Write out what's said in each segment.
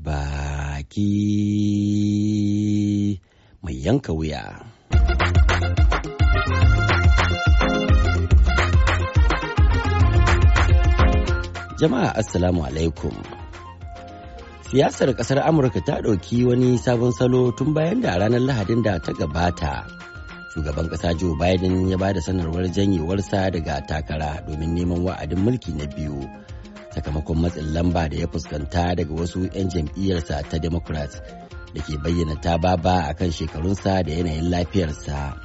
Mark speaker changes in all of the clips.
Speaker 1: baki mai yanka wuya. Jama'a Assalamu alaikum. Siyasar ƙasar Amurka ta ɗauki wani sabon salo tun bayan da ranar Lahadin da ta gabata. Shugaban ƙasa Joe Biden ya ba da sanarwar janyewarsa daga takara domin neman wa'adin mulki na biyu. sakamakon matsin lamba da ya fuskanta daga wasu 'yan jam'iyyarsa ta democrat da ke bayyana ta baba a kan shekarunsa da yanayin lafiyarsa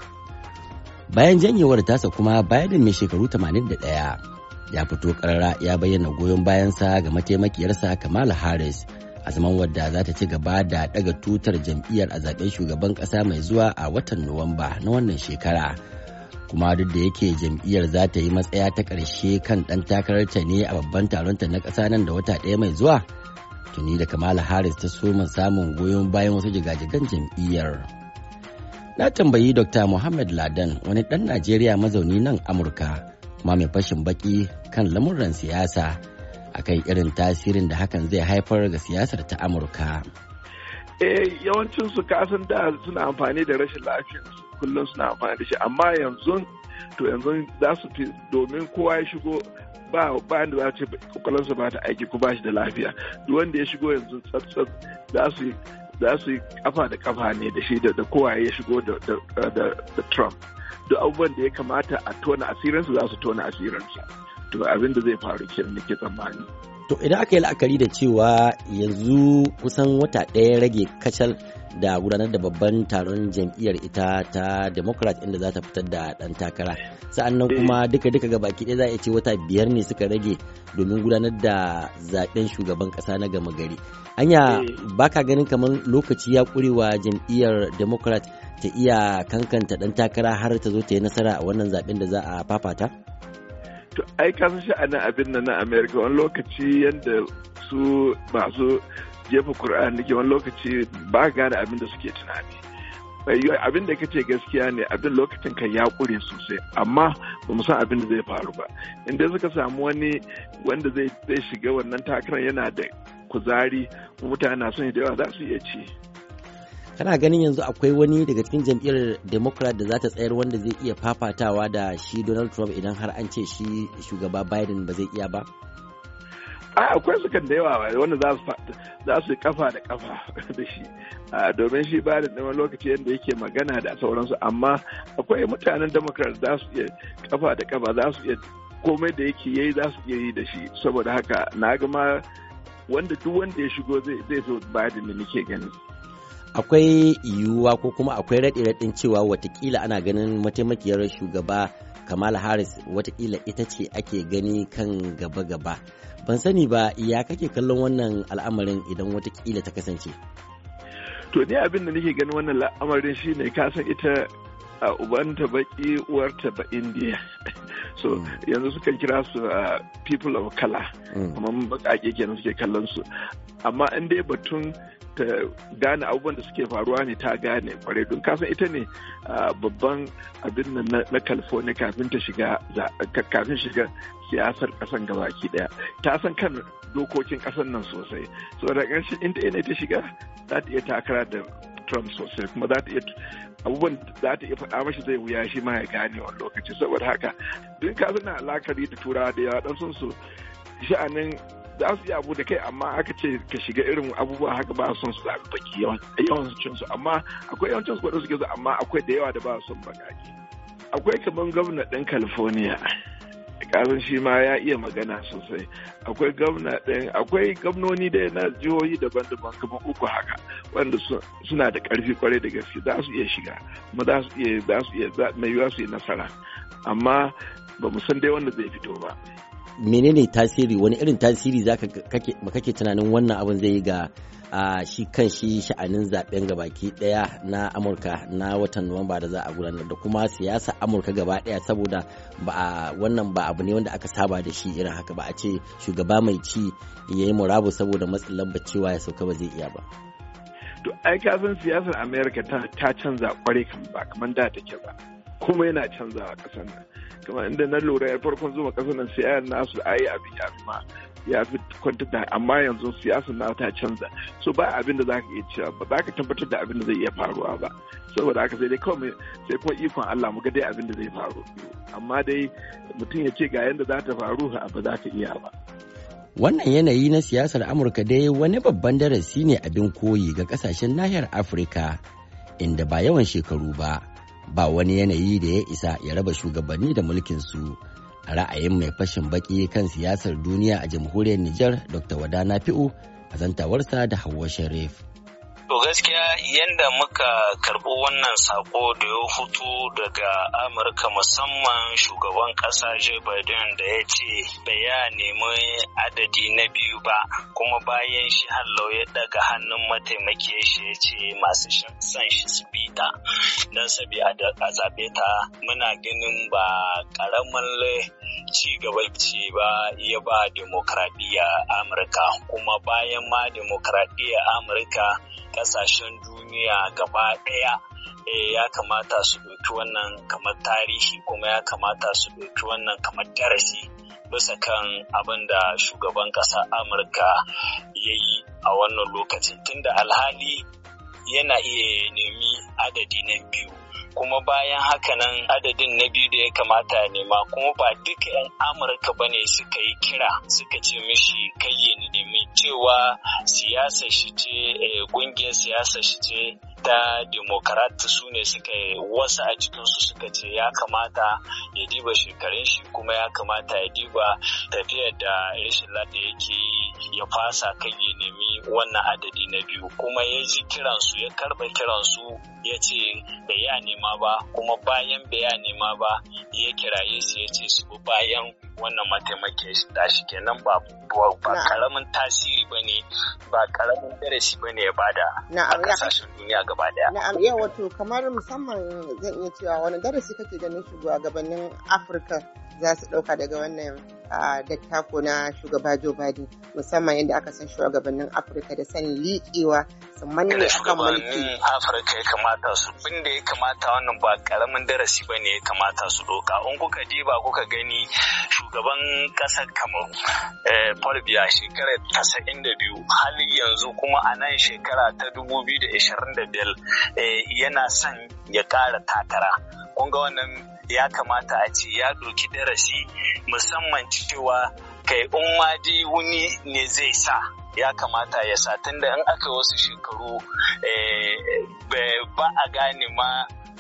Speaker 1: bayan janyewar tasa kuma biden mai shekaru 81 ya fito karara ya bayyana goyon bayansa ga mataimakiyarsa kamala harris a zaman wadda za ta ci gaba da daga tutar jam'iyyar a zaben shugaban ƙasa mai zuwa a watan nuwamba na wannan shekara. kuma duk da yake jam'iyyar za ta yi matsaya ta ƙarshe kan ɗan ta ne a babban taron ta na ƙasa nan da wata ɗaya mai zuwa tuni da kamala harris ta soma samun goyon bayan wasu jigajigan jam'iyyar na tambayi dr muhammad ladan wani ɗan najeriya mazauni nan amurka kuma mai fashin baki kan lamuran siyasa akan irin tasirin da hakan zai haifar ga siyasar
Speaker 2: ta amurka eh, yawancin su kasan da suna amfani da rashin lafiyarsu kullum suna amfani da shi amma yanzu to yanzu za su fi domin kowa ya shigo ba ba da za ce kwakwalwarsa ba ta aiki ko ba shi da lafiya duk wanda ya shigo yanzu tsattsat za su za su yi kafa da kafa ne da shi da kowa ya shigo da Trump duk abubuwan da ya kamata a tona asirinsu za su tona asirinsa to abin da zai faru ke nake tsammani
Speaker 1: to idan aka yi la'akari da cewa yanzu kusan wata ɗaya rage kacal da gudanar da babban taron jam'iyyar ita ta democrat inda za ta fitar da dan takara sa'annan eh. kuma duka duka ga baki ɗaya za a ce wata biyar ne suka rage domin gudanar da zaben shugaban ƙasa na gama gari anya eh. baka ganin kamar lokaci ya ƙurewa jam'iyyar democrat ta iya kankanta dan takara har ta zo ta yi nasara a wannan zaben da za a fafata
Speaker 2: to ai ka san nan abin nan na america wani lokaci yadda su masu jefa ƙuri'a nake wani lokaci ba gane abin da suke tunani abin da kace gaskiya ne abin lokacin ka ya ƙure sosai amma ba mu san abin da zai faru ba inda suka samu wani wanda zai shiga wannan takarar yana da kuzari mutane na son yadda za su iya ci
Speaker 1: kana ganin yanzu akwai wani daga cikin jam'iyyar democrat da za ta tsayar wanda zai iya fafatawa da shi donald trump idan har an ce shi shugaba biden ba zai iya ba
Speaker 2: a ah, akwai su kan da yawa wanda za su kafa da kafa da shi ah, domin shi ba da ɗan lokaci yadda yake magana da sauransu amma akwai mutanen democrat za su iya kafa da kafa za su iya komai da yake yayi za su iya yi da shi saboda haka na gama wanda duk wanda ya shigo zai zo biden da nake gani
Speaker 1: akwai yiwuwa ko kuma akwai raɗe-raɗin cewa watakila ana ganin mataimakiyar shugaba kamala harris watakila ita ce ake gani kan gaba-gaba ban sani ba ya kake kallon wannan al'amarin idan watakila ta kasance
Speaker 2: to ni abin da nake ganin wannan al'amarin shine ka san ita a ubanta baki ta ba indiya so hmm. yanzu suka kira su uh, people of color hmm. kamar baƙaƙe kenan suke kallon su amma in dai batun ta gane abubuwan da suke faruwa ne ta gane kwarai don kasan ita ne uh, babban abin nan na california kafin ta shiga kafin shiga siyasar kasan gabaki daya ta san kan dokokin kasan nan sosai so da ganshi inda ina ta shiga za ta iya takara da Trump sosai kuma za ta iya abubuwan za ta iya faɗa mashi zai wuya shi ma ya gane wani lokaci saboda haka duk ka suna alakari da turawa da yawa ɗan sun su sha'anin za su yi abu da kai amma aka ce ka shiga irin abubuwa haka ba son su zaɓi baki yawan su cinsu amma akwai yawancin su kwaɗin suke su amma akwai da yawa da ba son bakaki akwai kamar gwamna ɗan california kasan shi ma ya iya magana sosai akwai gwamna ɗin akwai gwamnoni da na jihohi daban-daban kuma uku haka wanda suna da karfi kwarai da gaske za su iya shiga kuma za su iya mai yiwuwa su yi nasara amma ba mu san dai wanda zai fito ba.
Speaker 1: menene tasiri wani irin tasiri za kake tunanin wannan abin zai yi ga shi kan shi sha'anin zaben gabaki daya na amurka na watan nuwamba da za a gudanar da kuma siyasa amurka gaba daya saboda ba wannan ba abu ne wanda aka saba da shi irin haka ba a ce shugaba mai ci ya yi murabu saboda matsin lamba cewa ya sauka ba zai iya ba
Speaker 2: to ai kafin siyasar amerika ta canza kwarai kan ba kamar da take ba kuma yana canzawa kasan nan kamar inda na lura ya farkon zuma kasa nan siyayar nasu ayi abin ya fi ma ya fi kwantata amma yanzu siyasa na ta canza so ba abin da za ka iya cewa ba za ka tabbatar da abin da zai iya faruwa ba saboda haka sai dai kawai sai kuma ikon Allah mu ga dai abin da zai faru amma dai mutum ya ce ga yanda za ta faru ba za ka iya ba
Speaker 1: wannan yanayi na siyasar amurka dai wani babban darasi ne abin koyi ga kasashen nahiyar afirka inda ba yawan shekaru ba ba wani yanayi da ya isa ya raba shugabanni da mulkinsu a ra'ayin mai fashin baki kan siyasar duniya a jamhuriyar Nijar Dr. Wadana Fi'u a zantawarsa da Hauwa Sharif.
Speaker 3: To gaskiya yadda muka karɓi wannan sako da ya hutu daga Amurka musamman shugaban ƙasa Joe Biden da ya ce bai ya nemi adadi na biyu ba kuma bayan shi hallau ya daga hannun mataimake shi ya ce masu son shi su bi ta don sabi a zaɓe ta muna ganin ba ƙaramin ci gaba ce ba ya ba demokradiyya Amurka kuma bayan ma demokradiyya Amurka kasashen duniya gaba ɗaya eh, ya kamata su ɗauki wannan kamar tarihi kuma ya kamata su ɗauki wannan kamar darasi bisa kan abin da shugaban ƙasa amurka ya yi a wannan lokacin tunda alhali yana iya nemi adadi na biyu kuma bayan haka nan adadin na biyu da ya kamata nema kuma ba duka 'yan amurka ba ne suka yi kira suka ce mishi kai ya cewa siyasa shi ce kungiyar eh, siyasa shi ce ta demokrat su ne suka wasu a cikinsu suka ce ya kamata ya diba shekarun shi kuma ya kamata ya diba tafiyar da rashin lada yake yi ya fasa kai ya nemi wannan adadi na biyu kuma ya ji kiransu ya karba kiransu ya ce bai ya nema ba kuma bayan bai ya nema ba ya kiraye su ya ce su bayan wannan mataimakin shi kenan ba ba karamin tasiri ba ne ba karamin darasi ba ne ya bada
Speaker 1: a kasashen
Speaker 3: duniya gaba daya.
Speaker 1: Na'am yau wato kamar musamman zan iya cewa wani darasi kake ganin gabanin Afirka za su ɗauka daga wannan a dattako na shugaba Joe Biden musamman yadda aka san shugabannin Afirka da sanin liƙewa su manne akan mulki.
Speaker 3: Afirka ya kamata su da ya kamata wannan ba karamin darasi ba ne ya kamata su doka. In kuka diba kuka gani shugaban ƙasar Kamaru eh, Paul Biya shekarar tasa'in da biyu hali yanzu kuma a nan shekara ta dubu biyu da ishirin da biyar eh, yana son ya ƙara takara. Kun ga wannan ya kamata a ce ya ɗauki darasi musamman cewa kai umma wuni ne zai sa ya kamata ya sa tunda in aka wasu shekaru eh, ba a gane ma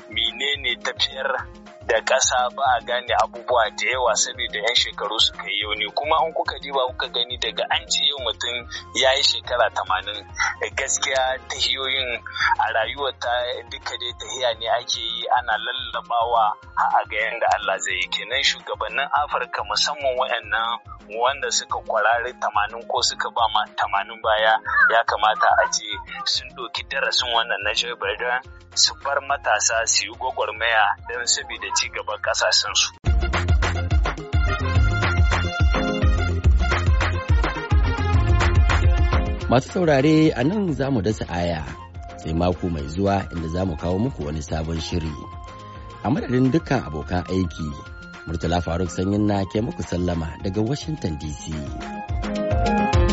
Speaker 3: menene tafiyar da ƙasa ba a gane abubuwa da yawa saboda 'yan shekaru suka yi yauni kuma in kuka diba kuka gani daga an ce yau mutum ya yi shekara tamanin eh, gaskiya tahiyoyin a rayuwar ta duka dai tahiya ne ake yi ana lallabawa a ga da Allah zai yi kenan shugabannin Afirka musamman waɗannan wanda suka kwarari tamanin ko suka ba ma tamanin baya ya kamata a ce sun ɗauki darasin wannan na Joe su bar matasa su yi gwagwarmaya don saboda ci gaban kasashensu.
Speaker 1: Masu saurare a nan za mu dasa aya sai mako mai zuwa inda za mu kawo muku wani sabon shiri. A madadin dukkan abokan aiki, Murtala Faruk Sanyin na ke muku sallama daga Washington DC.